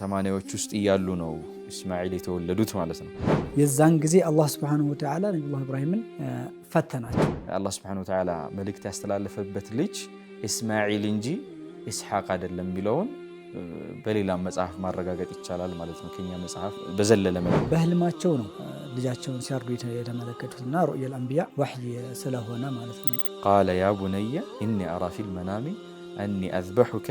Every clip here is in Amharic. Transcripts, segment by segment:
ሰማንያዎች ውስጥ እያሉ ነው እስማኤል የተወለዱት ማለት ነው። የዛን ጊዜ አላህ ስብሐነሁ ወተዓላ ነቢዩላህ ኢብራሂምን ፈተናቸው። አላህ ስብሐነሁ ወተዓላ መልእክት ያስተላለፈበት ልጅ እስማኤል እንጂ ኢስሐቅ አይደለም የሚለውን በሌላ መጽሐፍ ማረጋገጥ ይቻላል ማለት ነው። ከኛ መጽሐፍ በዘለለ መ በህልማቸው ነው ልጃቸውን ሲያርዱ የተመለከቱትና እና ሩእየል አንቢያ ዋሕይ ስለሆነ ማለት ነው። ቃለ ያ ቡነየ እኒ አራ ፊል መናሚ እኒ አዝበሑከ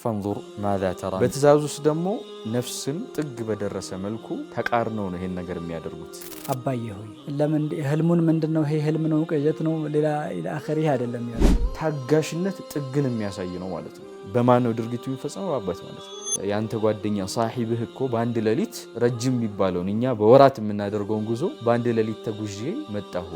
ፈንዙር ማዛ ተራ። በትእዛዝ ውስጥ ደግሞ ነፍስን ጥግ በደረሰ መልኩ ተቃርነው ነው ይሄን ነገር የሚያደርጉት። አባዬ ሆይ ለምን ህልሙን ምንድን ነው? ይሄ ህልም ነው፣ ቅዠት ነው፣ ሌላ አኸሪ አይደለም። ያ ታጋሽነት ጥግን የሚያሳይ ነው ማለት ነው። በማን ነው ድርጊቱ የሚፈጸመው? አባት ማለት ነው። ያንተ ጓደኛ ሳሂብህ እኮ በአንድ ሌሊት ረጅም የሚባለውን እኛ በወራት የምናደርገውን ጉዞ በአንድ ሌሊት ተጉዤ መጣሁ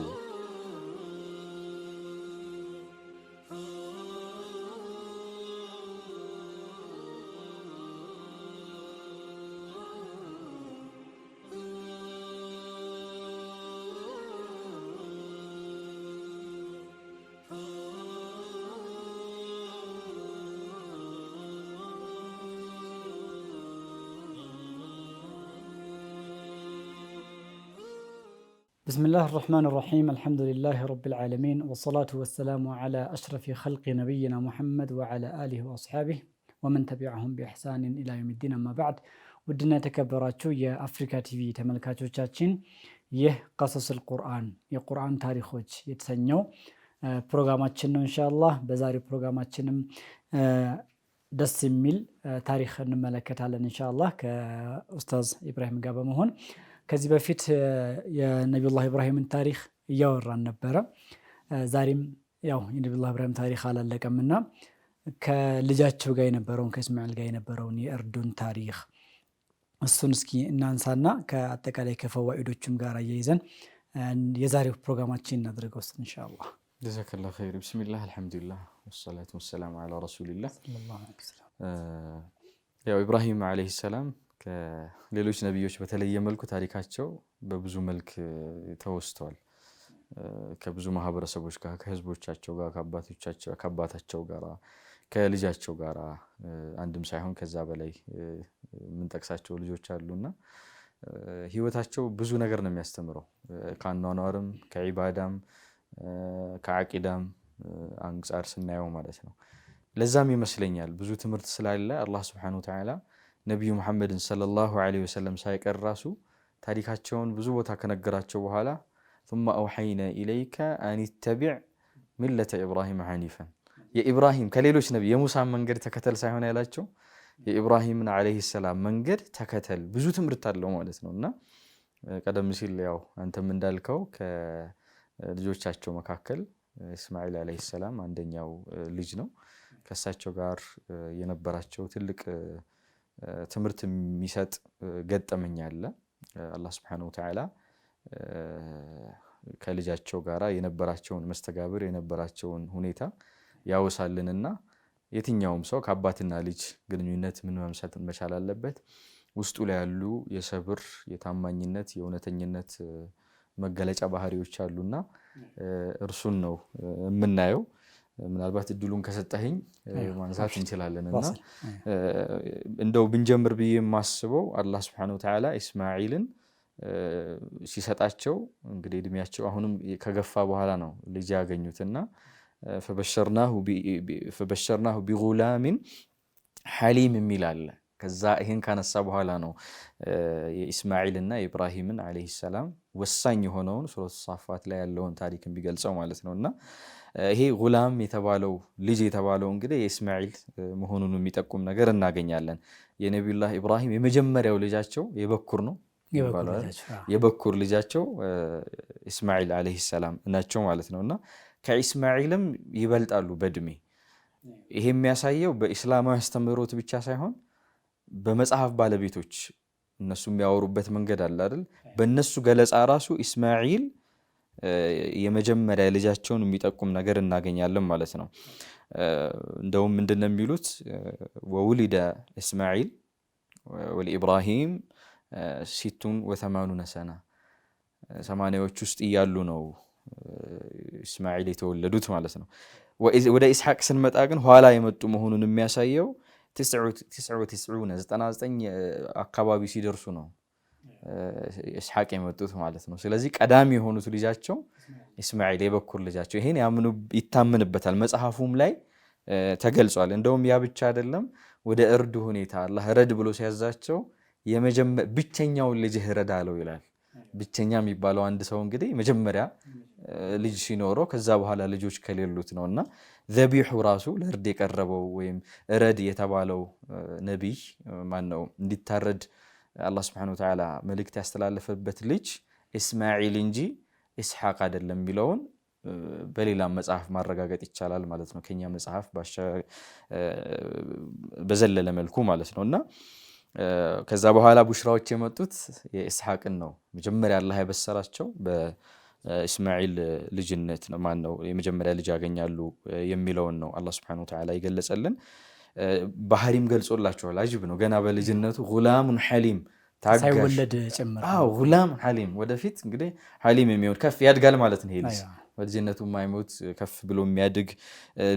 بسم الله الرحمن الرحيم الحمد لله رب العالمين والصلاة والسلام على أشرف خلق نبينا محمد وعلى آله وأصحابه ومن تبعهم بإحسان إلى يوم الدين ما بعد ودنا تكبرات يا أفريكا تي في تملكات تشاتشين يه قصص القرآن يا قرآن تاريخوش يتسنو برنامجنا إن شاء الله بزاري برنامجنا دس ميل تاريخ الملكة على إن شاء الله كأستاذ إبراهيم مهون ከዚህ በፊት የነቢዩላህ ኢብራሂምን ታሪክ እያወራን ነበረ። ዛሬም ያው የነቢዩላህ ኢብራሂም ታሪክ አላለቀም እና ከልጃቸው ጋር የነበረውን ከእስማኤል ጋር የነበረውን የእርዱን ታሪክ እሱን እስኪ እናንሳና ከአጠቃላይ ከፈዋኢዶቹም ጋር አያይዘን የዛሬው ፕሮግራማችን እናድርገው ውስጥ ኢንሻአላህ። ጀዛከላ ኸይር። ብስሚላህ አልሐምዱሊላህ ወሰላቱ ወሰላሙ አላ ረሱሊላህ ያው ኢብራሂም ዓለይሂ ሰላም ከሌሎች ነቢዮች በተለየ መልኩ ታሪካቸው በብዙ መልክ ተወስተዋል። ከብዙ ማህበረሰቦች ጋር፣ ከህዝቦቻቸው ጋር፣ ከአባታቸው ጋር፣ ከልጃቸው ጋር አንድም ሳይሆን ከዛ በላይ የምንጠቅሳቸው ልጆች እና ህይወታቸው ብዙ ነገር ነው የሚያስተምረው ከአኗኗርም ከዒባዳም ከአቂዳም አንጻር ስናየው ማለት ነው። ለዛም ይመስለኛል ብዙ ትምህርት ስላለ አላህ ስብሐነሁ ወተዓላ ነቢዩ መሐመድን ሰለላሁ ዐለይሂ ወሰለም ሳይቀር ራሱ ታሪካቸውን ብዙ ቦታ ከነገራቸው በኋላ ሱመ አውሐይነ ኢለይከ አኒተቢዕ ሚለተ ኢብራሂም ሐኒፈን የኢብራሂም ከሌሎች ነቢ የሙሳን መንገድ ተከተል ሳይሆን ያላቸው የኢብራሂምን ዐለይሂ ሰላም መንገድ ተከተል። ብዙ ትምህርት አለው ማለት ነው እና ቀደም ሲል ያው አንተም እንዳልከው ከልጆቻቸው መካከል እስማኤል ዐለይሂ ሰላም አንደኛው ልጅ ነው። ከእሳቸው ጋር የነበራቸው ትልቅ ትምህርት የሚሰጥ ገጠመኝ አለ። አላህ ስብሐነሁ ወተዓላ ከልጃቸው ጋራ የነበራቸውን መስተጋብር የነበራቸውን ሁኔታ ያወሳልንና የትኛውም ሰው ከአባትና ልጅ ግንኙነት ምን መምሰል መቻል አለበት? ውስጡ ላይ ያሉ የሰብር፣ የታማኝነት፣ የእውነተኝነት መገለጫ ባህሪዎች አሉና እርሱን ነው የምናየው። ምናልባት እድሉን ከሰጠኝ ማንሳት እንችላለን እና እንደው ብንጀምር ብዬ የማስበው አላህ ስብሐነሁ ወተዓላ ኢስማዒልን ሲሰጣቸው እንግዲህ እድሜያቸው አሁንም ከገፋ በኋላ ነው ልጅ እና ፈበሸርናሁ ቢጉላሚን ሐሊም የሚል አለ። ከዛ ይህን ካነሳ በኋላ ነው የኢስማዒልና የኢብራሂምን ዓለይሂ ሰላም ወሳኝ የሆነውን ሱረት ሳፋት ላይ ያለውን ታሪክ የሚገልጸው ማለት ነው። እና ይሄ ጉላም የተባለው ልጅ የተባለው እንግዲህ የእስማዒል መሆኑን የሚጠቁም ነገር እናገኛለን። የነቢዩላህ ኢብራሂም የመጀመሪያው ልጃቸው የበኩር ነው። የበኩር ልጃቸው እስማዒል ዓለይሂ ሰላም ናቸው ማለት ነው። እና ከእስማዒልም ይበልጣሉ በእድሜ። ይሄ የሚያሳየው በኢስላማዊ አስተምህሮት ብቻ ሳይሆን በመጽሐፍ ባለቤቶች እነሱ የሚያወሩበት መንገድ አለ አይደል? በእነሱ ገለጻ ራሱ ኢስማዒል የመጀመሪያ ልጃቸውን የሚጠቁም ነገር እናገኛለን ማለት ነው። እንደውም ምንድን ነው የሚሉት ወውሊደ እስማዒል ወልኢብራሂም ሲቱን ወተማኑ ነሰና ሰማንያዎች ውስጥ እያሉ ነው እስማዒል የተወለዱት ማለት ነው። ወደ ኢስሐቅ ስንመጣ ግን ኋላ የመጡ መሆኑን የሚያሳየው 99 አካባቢ ሲደርሱ ነው ኢስሐቅ የመጡት ማለት ነው። ስለዚህ ቀዳሚ የሆኑት ልጃቸው ኢስማኤል የበኩር ልጃቸው ይሄን ይታምንበታል፣ መጽሐፉም ላይ ተገልጿል። እንደውም ያ ብቻ አይደለም። ወደ እርድ ሁኔታ አላህ ረድ ብሎ ሲያዛቸው ብቸኛውን ልጅህ ረዳ አለው ይላል። ብቸኛ የሚባለው አንድ ሰው እንግዲህ መጀመሪያ ልጅ ሲኖረው ከዛ በኋላ ልጆች ከሌሉት ነው እና ዘቢሑ ራሱ ለእርድ የቀረበው ወይም እረድ የተባለው ነቢይ ማን ነው እንዲታረድ አላህ ስብሐነሁ ወተዓላ መልእክት ያስተላለፈበት ልጅ እስማዒል እንጂ ኢስሐቅ አይደለም የሚለውን በሌላ መጽሐፍ ማረጋገጥ ይቻላል ማለት ነው። ከኛ መጽሐፍ በዘለለ መልኩ ማለት ነው እና ከዛ በኋላ ቡሽራዎች የመጡት የኢስሐቅን ነው። መጀመሪያ አላህ የበሰራቸው በእስማዒል ልጅነት ነው። ማን ነው የመጀመሪያ ልጅ ያገኛሉ የሚለውን ነው አላህ ስብሐነሁ ወተዓላ ይገለጸልን። ባህሪም ገልጾላቸዋል። አጅብ ነው። ገና በልጅነቱ ጉላሙን ሐሊም ታጋሽ፣ ጉላም ሐሊም። ወደፊት እንግዲህ ሐሊም የሚሆን ከፍ ያድጋል ማለት ነው ይሄ ልጅ በልጅነቱ ማይሞት ከፍ ብሎ የሚያድግ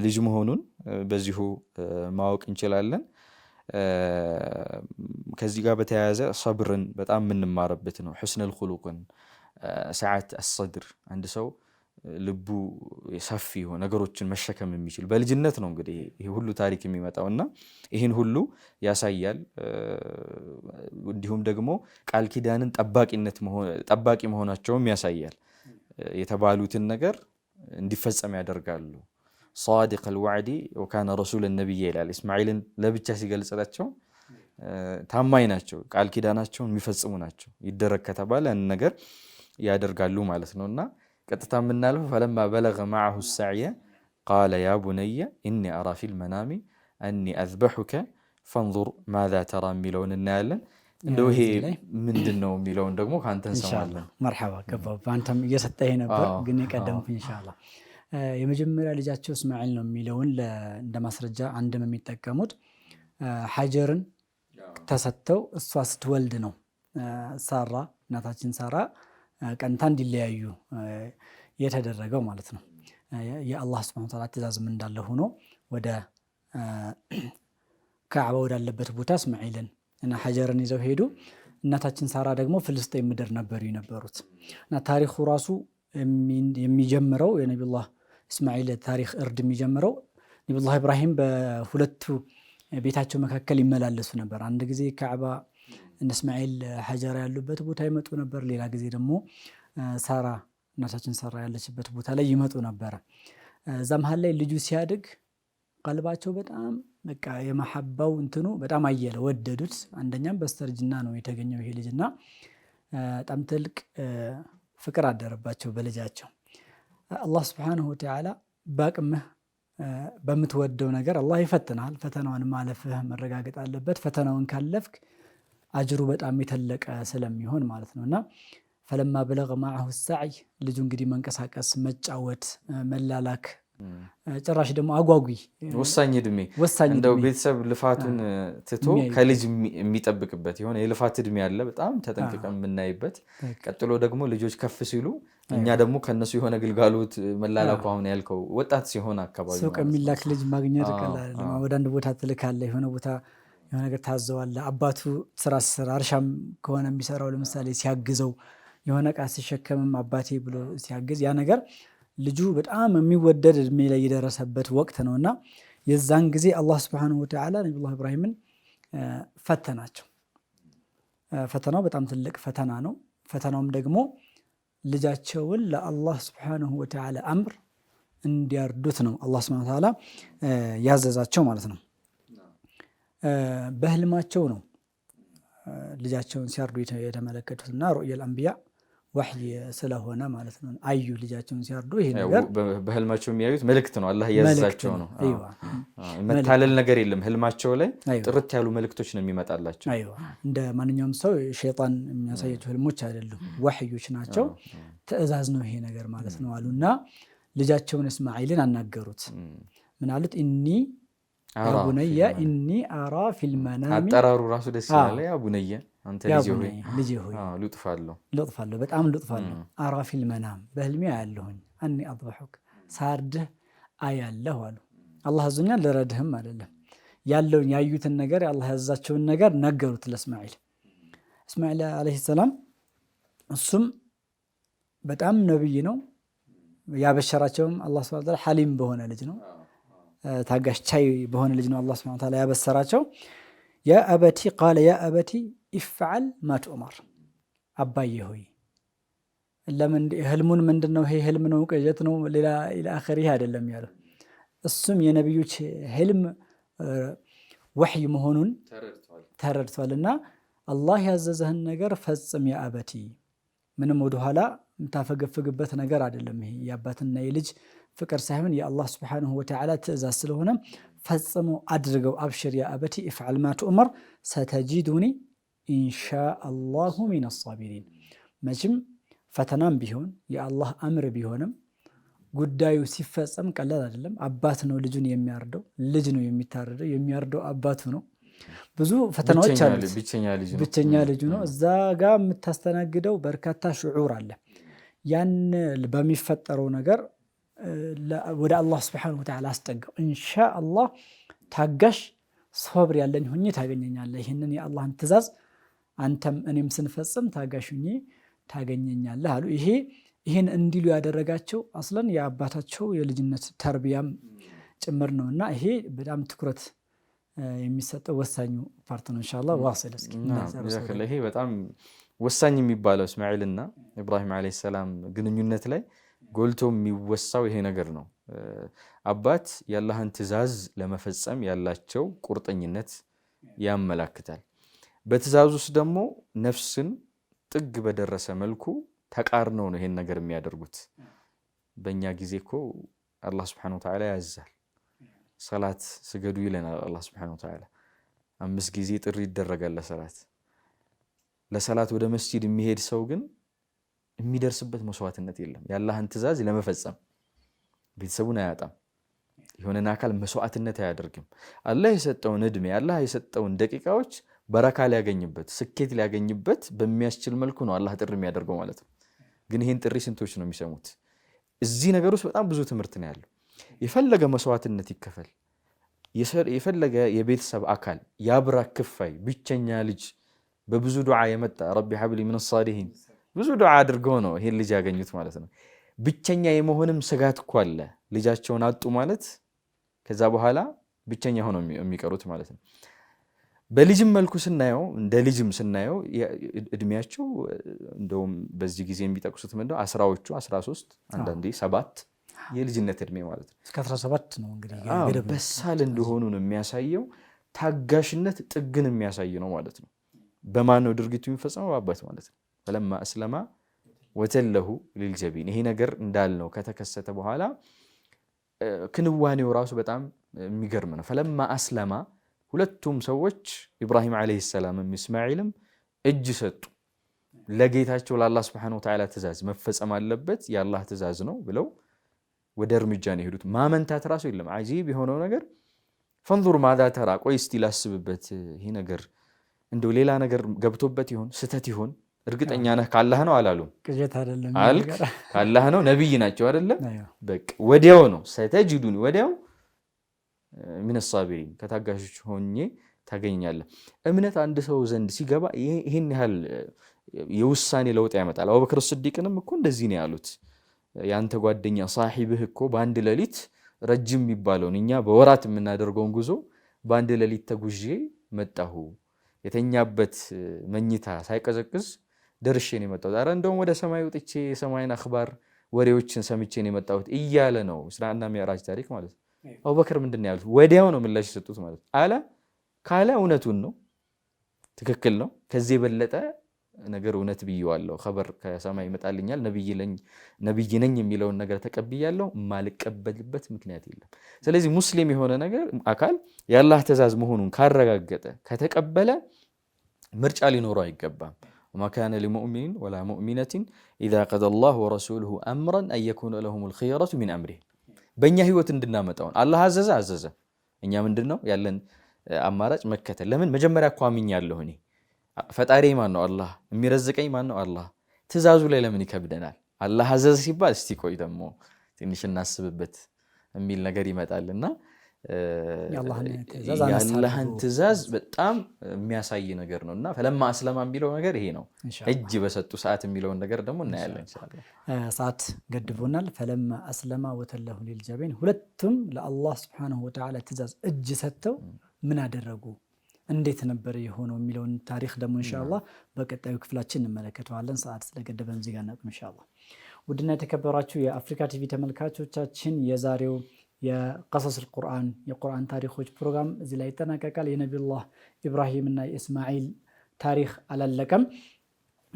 ልጅ መሆኑን በዚሁ ማወቅ እንችላለን። ከዚህ ጋር በተያያዘ ሰብርን በጣም የምንማርበት ነው። ሑስነል ኹሉቅን ሰዓት አሰድር አንድ ሰው ልቡ ሰፊ ሆ ነገሮችን መሸከም የሚችል በልጅነት ነው እንግዲህ ይሄ ሁሉ ታሪክ የሚመጣው እና ይህን ሁሉ ያሳያል። እንዲሁም ደግሞ ቃል ኪዳንን ጠባቂ መሆናቸውም ያሳያል። የተባሉትን ነገር እንዲፈጸም ያደርጋሉ። ሳዲቀል ዋዕዲ ወካነ ረሱል ነቢያ ይላል። እስማኤልን ለብቻ ሲገልጽላቸው ታማኝ ናቸው፣ ቃል ኪዳናቸውን የሚፈጽሙ ናቸው። ይደረግ ከተባለ ያን ነገር ያደርጋሉ ማለት ነው እና ቀጥታ የምናልፈው ፈለማ በለገ መዐሁ ሳዕየ ቃለ ያ ቡነየ ኢኒ አራ ፊል መናሚ አኒ አዝበሑከ ፈንዙር ማዛ ተራ የሚለውን እናያለን። እንደው ይሄ ምንድን ነው የሚለውን ደግሞ ከአንተ እንሰማለን። መርሐባ ገባ። በአንተም እየሰጠህ ነበር ግን የቀደምኩ ኢንሻላህ የመጀመሪያ ልጃቸው እስማኤል ነው የሚለውን እንደ ማስረጃ አንድም የሚጠቀሙት ሀጀርን ተሰጥተው እሷ ስትወልድ ነው ሳራ እናታችን ሳራ ቀንታ እንዲለያዩ የተደረገው ማለት ነው። የአላህ ስብሐነ ወተዓላ ትእዛዝም እንዳለ ሆኖ ወደ ከዕባ ወዳለበት ቦታ እስማኤልን እና ሀጀርን ይዘው ሄዱ። እናታችን ሳራ ደግሞ ፍልስጤን ምድር ነበሩ የነበሩት እና ታሪኩ ራሱ የሚጀምረው የነቢዩላህ እስማኤል ታሪክ እርድ የሚጀምረው ነቢዩላህ ኢብራሂም በሁለቱ ቤታቸው መካከል ይመላለሱ ነበር። አንድ ጊዜ ካዕባ እነ እስማኤል ሀጀራ ያሉበት ቦታ ይመጡ ነበር። ሌላ ጊዜ ደግሞ ሳራ እናታችን ሳራ ያለችበት ቦታ ላይ ይመጡ ነበረ። እዛ መሀል ላይ ልጁ ሲያድግ ቀልባቸው በጣም በቃ የመሐባው እንትኑ በጣም አየለ፣ ወደዱት። አንደኛም በስተርጅና ነው የተገኘው ይሄ ልጅና በጣም ትልቅ ፍቅር አደረባቸው በልጃቸው አላህ ስብሓነሁ ወተዓላ በአቅምህ በምትወደው ነገር አላህ ይፈትናል። ፈተናውን ማለፍህ መረጋገጥ አለበት። ፈተናውን ካለፍክ አጅሩ በጣም የተለቀ ስለሚሆን ማለት ነው እና ፈለማ በለገ ማዐሁ ሰዕይ ልጁ እንግዲህ መንቀሳቀስ፣ መጫወት፣ መላላክ ጭራሽ ደግሞ አጓጊ ወሳኝ እድሜ እንደው ቤተሰብ ልፋቱን ትቶ ከልጅ የሚጠብቅበት የሆነ የልፋት እድሜ ያለ በጣም ተጠንቅቀ የምናይበት ቀጥሎ ደግሞ ልጆች ከፍ ሲሉ እኛ ደግሞ ከነሱ የሆነ ግልጋሎት መላላኩ አሁን ያልከው ወጣት ሲሆን አካባቢ ሱቅ ልጅ ማግኘት ቀላል ወደ አንድ ቦታ ትልካለ የሆነ ቦታ የሆነ ነገር ታዘዋለ አባቱ ስራ ስራ እርሻም ከሆነ የሚሰራው ለምሳሌ ሲያግዘው የሆነ እቃ ሲሸከምም አባቴ ብሎ ሲያግዝ ያ ነገር ልጁ በጣም የሚወደድ እድሜ ላይ የደረሰበት ወቅት ነው እና የዛን ጊዜ አላህ ስብሐነሁ ወተዓላ ነቢዩላህ ኢብራሂምን ፈተናቸው። ፈተናው በጣም ትልቅ ፈተና ነው። ፈተናውም ደግሞ ልጃቸውን ለአላህ ስብሐነሁ ወተዓላ አምር እንዲያርዱት ነው አላህ ስብሐነሁ ወተዓላ ያዘዛቸው ማለት ነው። በህልማቸው ነው ልጃቸውን ሲያርዱ የተመለከቱት እና ሩእየል አንቢያ ዋህይ ስለሆነ ማለት ነው። አዩ ልጃቸውን ሲያርዱ ይሄ ነገር በህልማቸው የሚያዩት መልእክት ነው። አላህ እያዘዛቸው ነው። መታለል ነገር የለም። ህልማቸው ላይ ጥርት ያሉ መልእክቶች ነው የሚመጣላቸው። እንደ ማንኛውም ሰው ሸይጣን የሚያሳያቸው ህልሞች አይደሉም፣ ዋህዮች ናቸው። ትዕዛዝ ነው ይሄ ነገር ማለት ነው አሉና ልጃቸውን እስማኤልን አናገሩት። ምን አሉት? እኒ ያ እኒ አራ ፊልመናሚ አጠራሩ ራሱ ደስ ይላል። ያ አንተ ልጅ ሆይ ልጥፋለሁ ልጥፋለሁ በጣም ልጥፋለሁ። አራፊል መናም በህልሜ አያለሁኝ አኒ አጥበሑክ ሳርድህ አያለሁ አሉ። አላህ አዞኛል ልረድህም አይደለም ያለውን ያዩትን ነገር አላህ ያዛቸውን ነገር ነገሩት ለእስማዒል እስማዒል ዓለይሂ ሰላም እሱም በጣም ነብይ ነው። ያበሸራቸውም አላህ ሱብሓነሁ ወተዓላ ሐሊም በሆነ ልጅ ነው። ታጋሽ ቻይ በሆነ ልጅ ነው አላህ ሱብሓነሁ ወተዓላ ያበሰራቸው። ያ አበቲ ቃለ ያ አበቲ ይፈዓል ማትዑመር አባዬ ሆይ ህልሙን ምንድን ነው? ይሄ ህልም ነው ቅዠት ነው ሌላ ኢልአኸሪህ አይደለም ያለው። እሱም የነቢዮች ህልም ወሕይ መሆኑን ተረድቷልና አላህ ያዘዘህን ነገር ፈጽም የአበቲ ምንም ወደኋላ የምታፈገፍግበት ነገር አይደለም። ይሄ የአባትና የልጅ ፍቅር ሳይሆን የአላህ ስብሓንሁ ወተዓላ ትእዛዝ ስለሆነ ፈጽሞ አድርገው። አብሽር የአበቲ ኢፍዓል ማ ትኡመር ሰተጂዱኒ ኢንሻአላሁ ሚን አሳቢሪን። መቼም ፈተናም ቢሆን የአላህ አምር ቢሆንም ጉዳዩ ሲፈጸም ቀላል አይደለም። አባት ነው ልጁን የሚያርደው፣ ልጅ ነው የሚታረደው፣ የሚያርደው አባቱ ነው። ብዙ ፈተናዎች አሉ። ብቸኛ ልጁ ነው። እዛ ጋ የምታስተናግደው በርካታ ሽዑር አለ። ያን በሚፈጠረው ነገር ወደ አላህ ስብሐነሁ ወተዓላ አስጠጋው። ኢንሻአላህ ታጋሽ ሶብር ያለኝ ሁኜ ታገኘኛለህ። ይህንን የአላህን ትእዛዝ አንተም እኔም ስንፈጽም ታጋሽኝ ታገኘኛለህ አሉ። ይሄ ይህን እንዲሉ ያደረጋቸው አስለን የአባታቸው የልጅነት ተርቢያም ጭምር ነው እና ይሄ በጣም ትኩረት የሚሰጠው ወሳኙ ፓርት ነው። እንሻላ ይሄ በጣም ወሳኝ የሚባለው እስማኤልና ኢብራሂም ዓለይሂ ሰላም ግንኙነት ላይ ጎልቶ የሚወሳው ይሄ ነገር ነው። አባት የአላህን ትዕዛዝ ለመፈጸም ያላቸው ቁርጠኝነት ያመላክታል። በትእዛዝ ውስጥ ደግሞ ነፍስን ጥግ በደረሰ መልኩ ተቃርነው ነው ይሄን ነገር የሚያደርጉት። በእኛ ጊዜ እኮ አላህ ስብሐነ ወተዓላ ያዛል፣ ሰላት ስገዱ ይለናል አላህ ስብሐነ ወተዓላ። አምስት ጊዜ ጥሪ ይደረጋል ለሰላት። ለሰላት ወደ መስጂድ የሚሄድ ሰው ግን የሚደርስበት መስዋዕትነት የለም። የአላህን ትእዛዝ ለመፈጸም ቤተሰቡን አያጣም። የሆነን አካል መስዋዕትነት አያደርግም። አላህ የሰጠውን እድሜ አላህ የሰጠውን ደቂቃዎች በረካ ሊያገኝበት ስኬት ሊያገኝበት በሚያስችል መልኩ ነው አላህ ጥሪ የሚያደርገው ማለት ነው። ግን ይህን ጥሪ ስንቶች ነው የሚሰሙት? እዚህ ነገር ውስጥ በጣም ብዙ ትምህርት ነው ያለው። የፈለገ መስዋዕትነት ይከፈል፣ የፈለገ የቤተሰብ አካል ያብራ፣ ክፋይ፣ ብቸኛ ልጅ በብዙ ዱዓ የመጣ ረቢ ሀብሊ ምን ሳሊሂን፣ ብዙ ዱዓ አድርገው ነው ይሄን ልጅ ያገኙት ማለት ነው። ብቸኛ የመሆንም ስጋት እኮ አለ። ልጃቸውን አጡ ማለት ከዛ በኋላ ብቸኛ ሆነው የሚቀሩት ማለት ነው። በልጅም መልኩ ስናየው እንደ ልጅም ስናየው እድሜያቸው እንደውም በዚህ ጊዜ የሚጠቅሱት ምንድን አስራዎቹ አስራ አንዳንዴ ሰባት የልጅነት እድሜ ማለት ነው እስከ አስራ ሰባት ነው እንግዲህ በሳል እንደሆኑ ነው የሚያሳየው። ታጋሽነት ጥግን የሚያሳይ ነው ማለት ነው። በማን ነው ድርጊቱ የሚፈጸመው? በአባት ማለት ነው። ፈለማ እስለማ ወተለሁ ሊልጀቢን ይሄ ነገር እንዳልነው ከተከሰተ በኋላ ክንዋኔው ራሱ በጣም የሚገርም ነው። ፈለማ አስለማ ሁለቱም ሰዎች ኢብራሂም ዓለይሂ ሰላምም እስማዒልም እጅ ሰጡ። ለጌታቸው ለአላህ ስብሐነሁ ወተዓላ ትእዛዝ መፈጸም አለበት፣ የአላህ ትእዛዝ ነው ብለው ወደ እርምጃ ነው የሄዱት። ማመንታት ራሱ የለም። አጂብ የሆነው ነገር ፈንዙር ማዛ ተራ፣ ቆይ እስቲ ላስብበት፣ ይህ ነገር እንደው ሌላ ነገር ገብቶበት ይሆን ስህተት ይሆን እርግጠኛ ነህ ካላህ ነው አላሉም። አልክ ካላህ ነው ነቢይ ናቸው አይደለም። በቃ ወዲያው ነው ሰተጅዱን ወዲያው ምንሳቢሪን ከታጋሾች ሆኜ ታገኛለህ። እምነት አንድ ሰው ዘንድ ሲገባ ይህን ያህል የውሳኔ ለውጥ ያመጣል። አቡበክር ስዲቅንም እኮ እንደዚህ ነው ያሉት። የአንተ ጓደኛ ሳሒብህ እኮ በአንድ ሌሊት ረጅም የሚባለውን እኛ በወራት የምናደርገውን ጉዞ በአንድ ሌሊት ተጉዤ መጣሁ። የተኛበት መኝታ ሳይቀዘቅዝ ደርሼ ነው የመጣሁት። ኧረ እንደውም ወደ ሰማይ ወጥቼ የሰማይን አክባር ወሬዎችን ሰምቼ ነው የመጣሁት እያለ ነው። ኢስራእና ሚዕራጅ ታሪክ ማለት ነው። አቡበክር ምንድን ነው ያሉት? ወዲያው ነው ምላሽ የሰጡት ማለት አለ ካለ እውነቱን ነው፣ ትክክል ነው። ከዚህ የበለጠ ነገር እውነት ብዬዋለሁ። ኸበር ከሰማይ ይመጣልኛል፣ ነብይ ነኝ የሚለውን ነገር ተቀብያለሁ። ማልቀበልበት ምክንያት የለም። ስለዚህ ሙስሊም የሆነ ነገር አካል የአላህ ትዕዛዝ መሆኑን ካረጋገጠ ከተቀበለ ምርጫ ሊኖረው አይገባም። ወማ ካነ ሊሙእሚኒን ወላ ሙእሚነትን ኢዛ ቀደ አላህ ወረሱሉሁ አምረን አንየኩነ ለሁሙል ኺየረቱ ሚን አምሪሂም በእኛ ህይወት እንድናመጣውን አላህ አዘዘ አዘዘ። እኛ ምንድን ነው ያለን አማራጭ መከተል። ለምን መጀመሪያ እኮ አምኛለሁ እኔ ፈጣሪ ማን ነው? አላህ። የሚረዝቀኝ ማን ነው? አላህ። ትእዛዙ ላይ ለምን ይከብደናል? አላህ አዘዘ ሲባል እስቲ ቆይ ደግሞ ትንሽ እናስብበት የሚል ነገር ይመጣልና የአላህን ትእዛዝ በጣም የሚያሳይ ነገር ነው እና ፈለማ አስለማ የሚለው ነገር ይሄ ነው። እጅ በሰጡ ሰዓት የሚለውን ነገር ደግሞ እናያለን። ሰዓት ገድቦናል። ፈለማ አስለማ ወተለሁ ሊልጀበን ሁለቱም ለአላህ ስብሐነሁ ወተዓላ ትእዛዝ እጅ ሰጥተው ምን አደረጉ፣ እንዴት ነበር የሆነው የሚለውን ታሪክ ደግሞ እንሻላ በቀጣዩ ክፍላችን እንመለከተዋለን። ሰዓት ስለገደበን ዚጋ ነቅም እንሻላ። ውድና የተከበራችሁ የአፍሪካ ቲቪ ተመልካቾቻችን የዛሬው የቀሰስ ቁርአን የቁርአን ታሪኮች ፕሮግራም እዚህ ላይ ይጠናቀቃል። የነቢዩላህ ኢብራሂም እና የእስማኤል ታሪክ አላለቀም።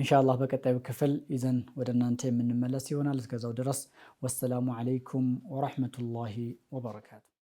እንሻላ በቀጣዩ ክፍል ይዘን ወደ እናንተ የምንመለስ ይሆናል። እስከዛው ድረስ ወሰላሙ ዓለይኩም ወረሕመቱላሂ ወበረካቱ።